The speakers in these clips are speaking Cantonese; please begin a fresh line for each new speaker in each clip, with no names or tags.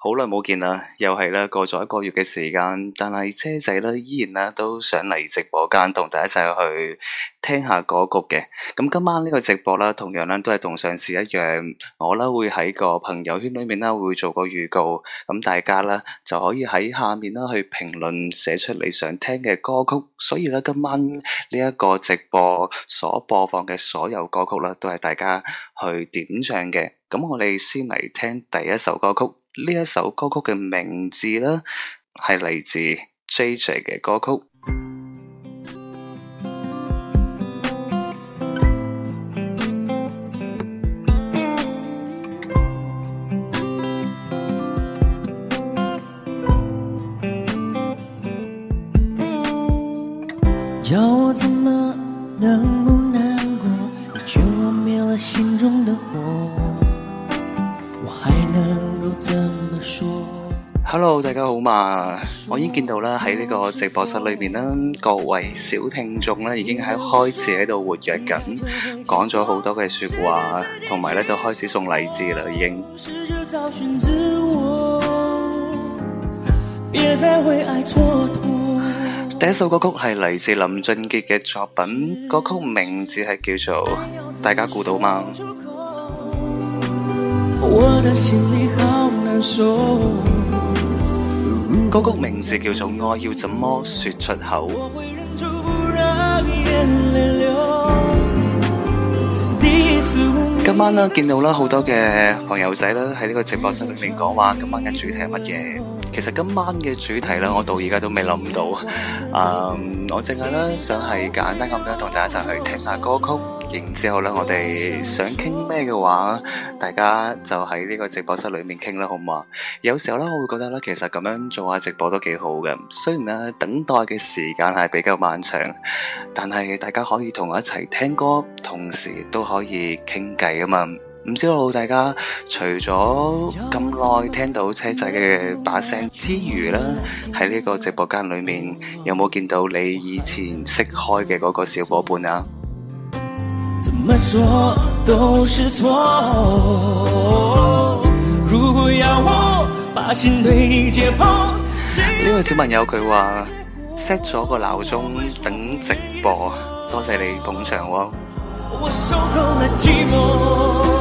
好耐冇見啦，又係啦，過咗一個月嘅時間，但係車仔咧依然咧都想嚟直播間同大家一齊去聽下歌曲嘅。咁今晚呢個直播啦，同樣咧都係同上次一樣，我啦會喺個朋友圈裏面啦會做個預告，咁大家啦就可以喺下面啦去評論寫出你想聽嘅歌曲。所以咧今晚呢一個直播所播放嘅所有歌曲啦，都係大家去點唱嘅。咁我哋先嚟聽第一首歌曲，呢一首歌曲嘅名字呢，係嚟自 JJ 嘅歌曲。大家好嘛！我已見到啦，喺呢個直播室裏面啦，各位小聽眾咧已經喺開始喺度活躍緊，講咗好多嘅說話，同埋咧都開始送荔枝啦，已
經。第
一首歌曲係嚟自林俊傑嘅作品，歌曲名字係叫做，大家估到嗎？歌曲、嗯那個、名字叫做《愛要怎麼說出口》。今晚啦，見到啦好多嘅朋友仔啦喺呢個直播室裏面講話，今晚嘅主題係乜嘢？其實今晚嘅主題咧，我到而家都未諗到，啊、um，我淨係咧想係簡單咁樣同大家一齊去聽下歌曲，然之後咧我哋想傾咩嘅話，大家就喺呢個直播室裏面傾啦，好唔好？有時候咧我會覺得咧，其實咁樣做下直播都幾好嘅，雖然咧等待嘅時間係比較漫長，但係大家可以同我一齊聽歌，同時都可以傾偈啊嘛。唔知道大家除咗咁耐聽到車仔嘅把聲之餘啦，喺呢個直播間裏面有冇見到你以前識開嘅嗰個小伙伴啊？
呢
位小朋友佢話熄咗個鬧鐘等直播，多謝你捧場
喎、哦。我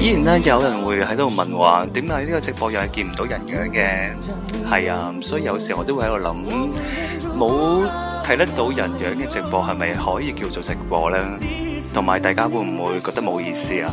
依然咧，有人會喺度問話，點解呢個直播又係見唔到人樣嘅？係 啊，所以有時候我都會喺度諗，冇睇得到人樣嘅直播係咪可以叫做直播呢？同埋大家會唔會覺得冇意思啊？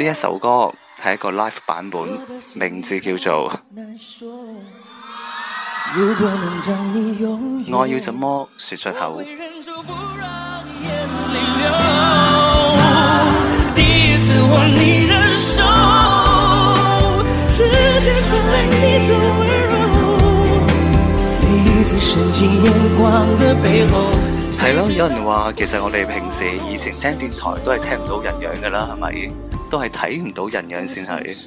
呢一首歌係一個 live 版本，名字叫
做
《愛要
怎麼説出口》。第
一次握你的手，指尖傳來你的
溫柔。係咯，有人話其實我哋平時以前聽電台都係聽唔到人樣㗎啦，係咪？都係睇唔到人樣先係。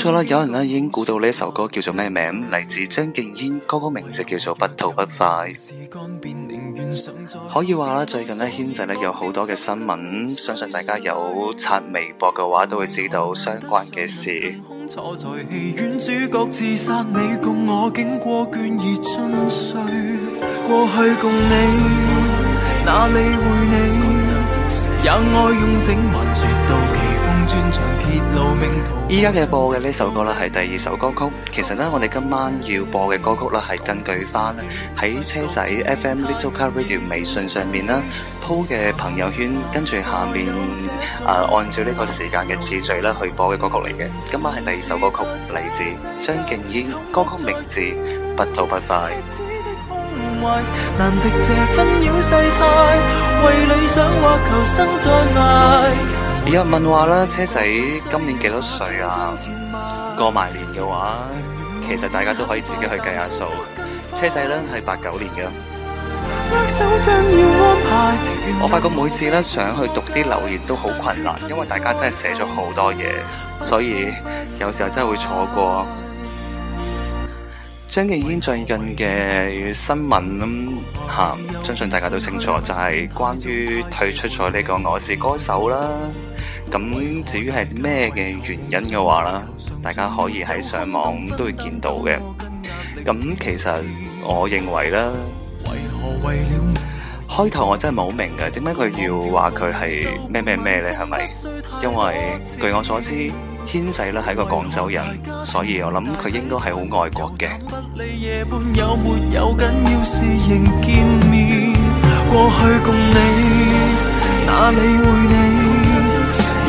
錯啦，有人咧，已經估到呢一首歌叫做咩名，嚟自張敬軒，歌曲名字叫做《不吐不快》。可以話啦，最近咧軒仔咧有好多嘅新聞，相信大家有刷微博嘅話，都會知道相關嘅
事。
依家嘅播嘅呢首歌呢，係第二首歌曲。其實呢，我哋今晚要播嘅歌曲呢，係根據翻喺車仔 FM Little Car Radio 微信上面啦鋪嘅朋友圈，跟住下面啊，按照呢個時間嘅次序咧去播嘅歌曲嚟嘅。今晚係第二首歌曲，嚟自張敬軒，歌曲名字《不吐不，不
快》。
有人問話啦，車仔今年幾多歲啊？過埋年嘅話，其實大家都可以自己去計下數。車仔咧係八九年嘅。 我發覺每次咧想去讀啲留言都好困難，因為大家真係寫咗好多嘢，所以有時候真係會錯過。張敬軒最近嘅新聞咁吓，相、啊、信大家都清楚，就係、是、關於退出咗呢個我是歌手啦。咁至於係咩嘅原因嘅話啦，大家可以喺上網都會見到嘅。咁其實我認為啦，開頭我真係冇明嘅，點解佢要話佢係咩咩咩咧？係咪？因為據我所知，軒仔咧係個廣州人，所以我諗佢應該係好愛國
嘅。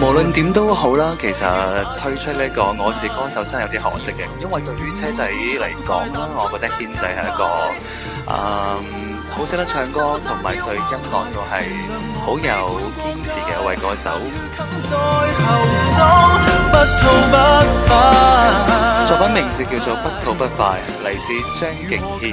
無論點都好啦，其實推出呢個我是歌手真係有啲可惜嘅，因為對於車仔嚟講啦，我覺得軒仔係一個嗯，好識得唱歌，同埋對音樂都係好有堅持嘅一位歌手。作品名字叫做《不吐不快》，嚟自張敬軒。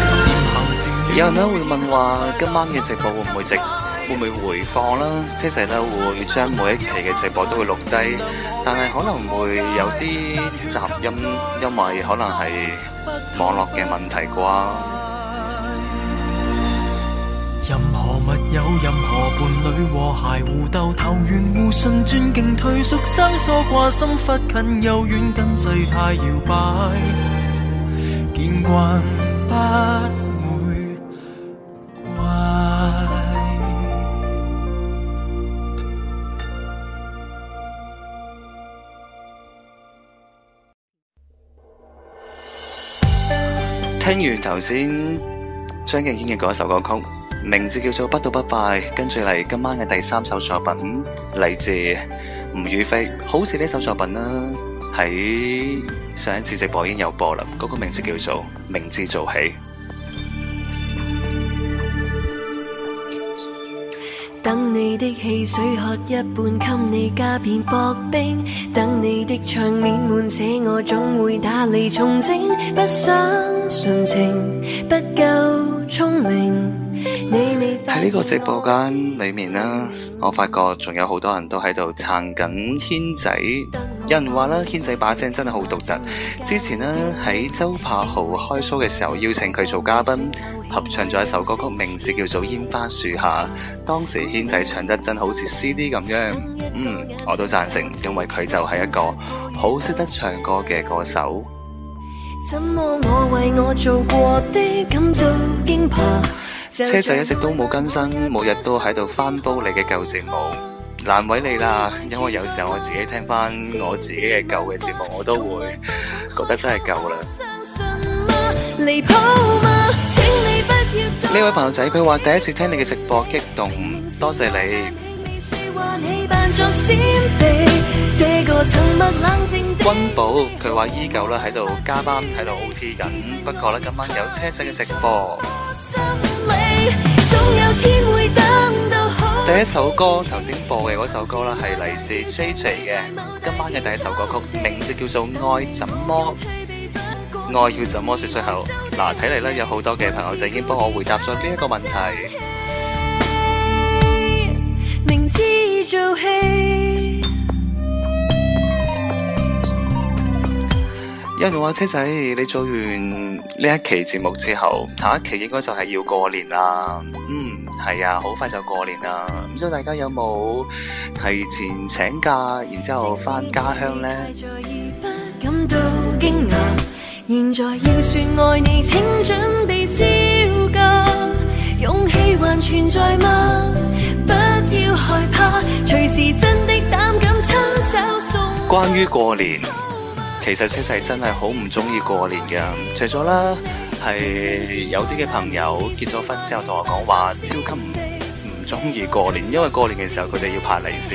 有人呢會問話，今晚嘅直播會唔會直，會唔會回放啦？車仔呢會將每一期嘅直播都會錄低，但係可能會有啲雜音，因為可能係網絡嘅問題啩。
任何密友，任何伴侶，和諧互鬥，投緣互信，尊敬退縮，生疏掛心，忽近又遠，跟世態搖擺，見慣不。
聽完頭先張敬軒嘅嗰首歌曲，名字叫做《不倒不快》，跟住嚟，今晚嘅第三首作品嚟自吳雨霏，好似呢首作品啦。喺上一次直播已經有播啦，嗰、嗰個名字叫做《明知做戲》。
等你的汽水喝一半，給你加片薄冰。等你的場面滿瀉，我總會打理重整。不想純情，不夠聰明。喺呢、嗯、個
直播間裏面啦，我發覺仲有好多人都喺度撐緊軒仔，有人話啦，軒仔把聲真係好獨特。之前咧喺周柏豪開 show 嘅時候，邀請佢做嘉賓合唱咗一首歌曲，名字叫做《煙花樹》下》。當時軒仔唱得真好似 C D 咁樣，嗯，我都贊成，因為佢就係一個好識得唱歌嘅歌手。
嗯車仔一
直都冇更新，每日都喺度翻煲你嘅舊節目，難為你啦。因為有時候我自己聽翻我自己嘅舊嘅節目，我都會覺得真係夠啦。呢 位朋友仔，佢話第一次聽你嘅直播激動，多謝你。君寶佢話依舊喺度加班睇到 OT 緊，不過今晚有車仔嘅直播。第一首歌，頭先播嘅嗰首歌啦，係嚟自 JJ 嘅，今晚嘅第一首歌曲，名字叫做《愛怎麼》，愛要怎麼說出口？嗱，睇嚟咧有好多嘅朋友就已經幫我回答咗呢一個問題。有人話車仔，你做完呢一期節目之後，下一期應該就係要過年啦。嗯，係啊，好快就過年啦。唔知道大家有冇提前請假，然之後翻家鄉
呢？關於
過年。其實車仔真係好唔中意過年㗎，除咗啦，係有啲嘅朋友結咗婚之後同我講話超級唔唔中意過年，因為過年嘅時候佢哋要派利是，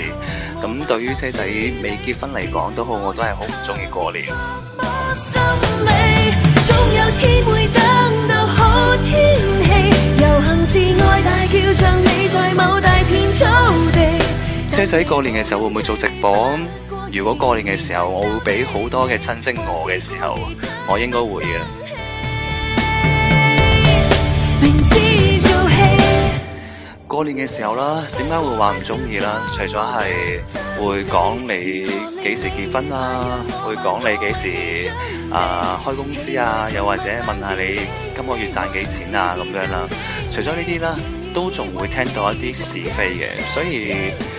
咁對於車仔未結婚嚟講都好，我都係好唔中意過
年。
車仔過年嘅時候會唔會做直播？如果過年嘅時候我會俾好多嘅親戚我嘅時候，我應該會嘅。過年嘅時候啦，點解會話唔中意啦？除咗係會講你幾時結婚啦，啊，會講你幾時啊、呃、開公司啊，又或者問下你今個月賺幾錢啊咁樣啦。除咗呢啲啦，都仲會聽到一啲是非嘅，所以。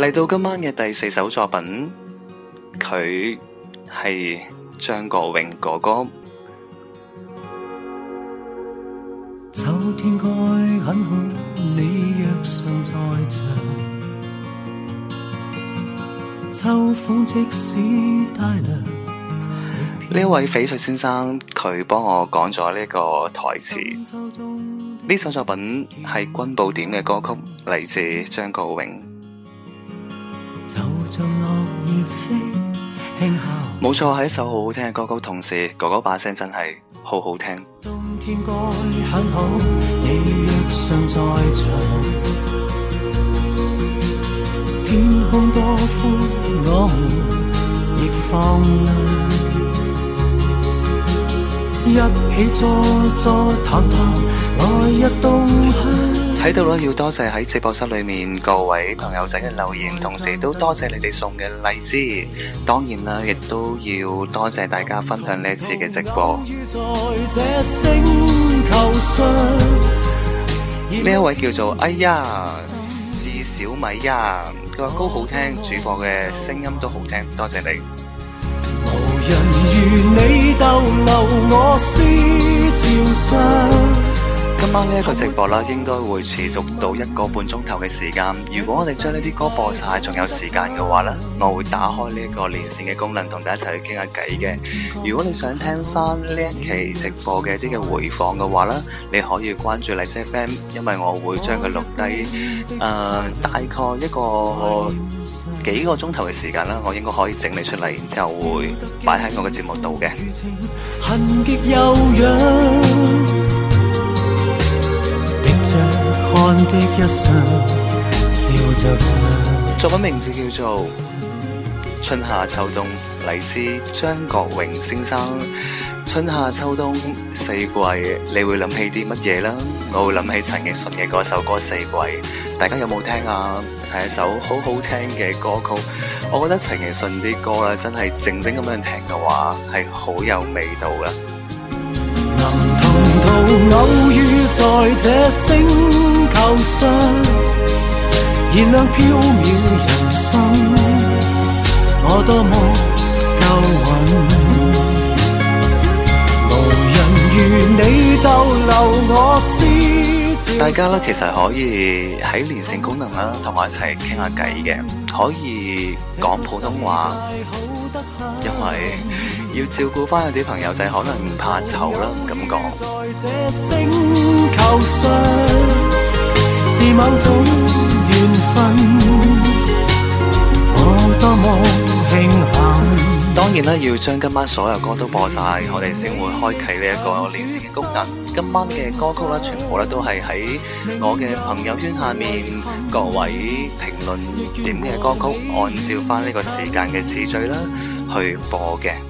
嚟到今晚嘅第四首作品，佢係張國榮哥哥。
秋天該很好，
你若尚在場。
秋風即使帶涼。
呢位翡翠先生，佢幫我講咗呢個台詞。呢首作品係軍部點嘅歌曲，嚟文自張國榮。冇錯，係一首好好聽嘅歌曲，同時哥哥把聲真係好好聽。
冬天該很好，你若尚在場，天空多灰，我們亦放亮，一起坐坐談談，來日動向。
喺度啦，要多謝喺直播室裏面各位朋友仔嘅留言，同時都多謝你哋送嘅荔枝。當然啦，亦都要多謝大家分享呢一次嘅直播。呢一位叫做哎呀，是小米呀，佢話歌好聽，主播嘅聲音都好聽，多謝你。無人如你逗留我思潮上。今晚呢一個直播啦，應該會持續到一個半鐘頭嘅時間。如果我哋將呢啲歌播晒，仲有時間嘅話咧，我會打開呢一個連線嘅功能，同大家一齊去傾下偈嘅。如果你想聽翻呢一期直播嘅一啲嘅回放嘅話咧，你可以關注荔枝 FM，因為我會將佢錄低。誒、呃，大概一個幾個鐘頭嘅時間啦，我應該可以整理出嚟，然之後會擺喺我嘅節目度嘅。 作品名字叫做《春夏秋冬》，嚟自張國榮先生。春夏秋冬四季，你會諗起啲乜嘢啦？我會諗起陳奕迅嘅嗰首歌《四季》，大家有冇聽啊？係一首好好聽嘅歌曲。我覺得陳奕迅啲歌咧，真係靜靜咁樣聽嘅話，係好有味道㗎。
大
家呢，其實可以喺連線功能啦，同我一齊傾下偈嘅，可以講普通話，因為，要照顧翻佢啲朋友仔，可能唔怕醜啦，咁講。當然啦，要將今晚所有歌都播晒，我哋先會開啟呢一個連線嘅功能。今晚嘅歌曲咧，全部咧都係喺我嘅朋友圈下面，各位評論點嘅歌曲，按照翻呢個時間嘅次序啦，去播嘅。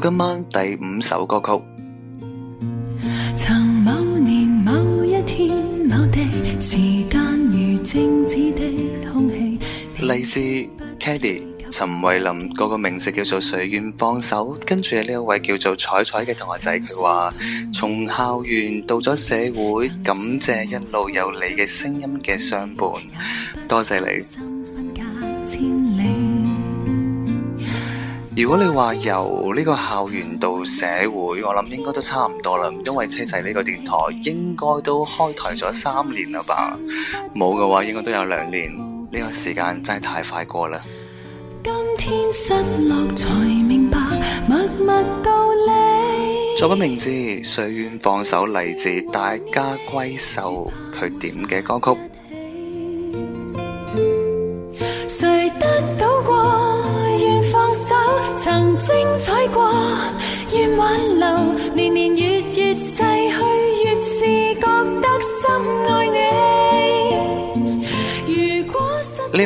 今晚第五首歌曲，
曾某年某某年一天某地，時間如靜止的空
嚟自 Cady 陳慧琳，個個名字叫做誰願放手。跟住呢一位叫做彩彩嘅同學仔，佢話從校園到咗社會，感謝一路有你嘅聲音嘅相伴，多謝你。
嗯
如果你話由呢個校園到社會，我諗應該都差唔多啦。因為車仔呢個電台應該都開台咗三年啦吧？冇嘅話應該都有兩年。呢個時間真係太快過啦。作品名字《誰願放手》嚟自《大家閨秀》，佢點嘅歌曲？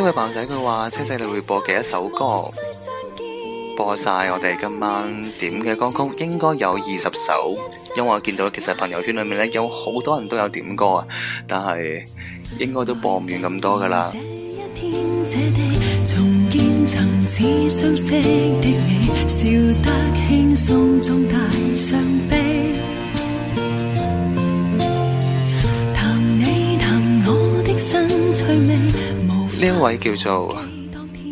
今日扮仔佢話車仔你會播幾多首歌？播晒我哋今晚點嘅歌曲，應該有二十首。因為我見到其實朋友圈裏面咧有好多人都有點歌啊，但係應該都播唔完咁多噶啦。呢一位叫做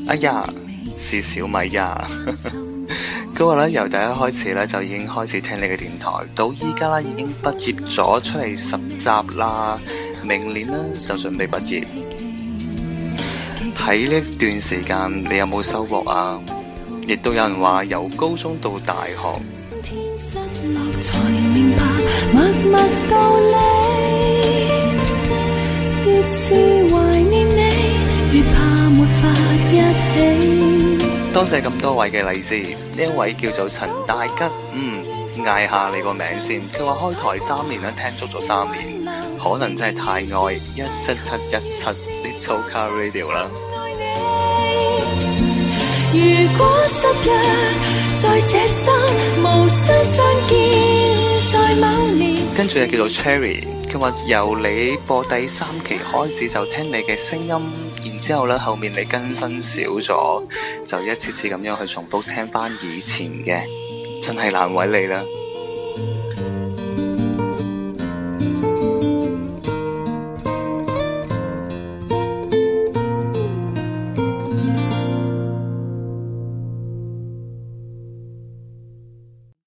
阿、哎、呀，是小米呀、啊。今日咧，由第一開始咧就已經開始聽你嘅電台，到依家啦已經畢業咗，出嚟實習啦，明年呢就準備畢業。喺呢段時間，你有冇收穫啊？亦都有人話，由高中到大學， 多謝咁多位嘅利是，呢一位叫做陳大吉，嗯，嗌下你個名先。佢話開台三年啦，聽足咗三年，可能真係太愛一七七一七 Little Car Radio 啦。
如果失約在這生，無需相
見在某年。跟住又叫做 Cherry，佢話由你播第三期開始就聽你嘅聲音。之後呢，後面你更新少咗，就一次次咁樣去重複聽返以前嘅，真係難為你啦。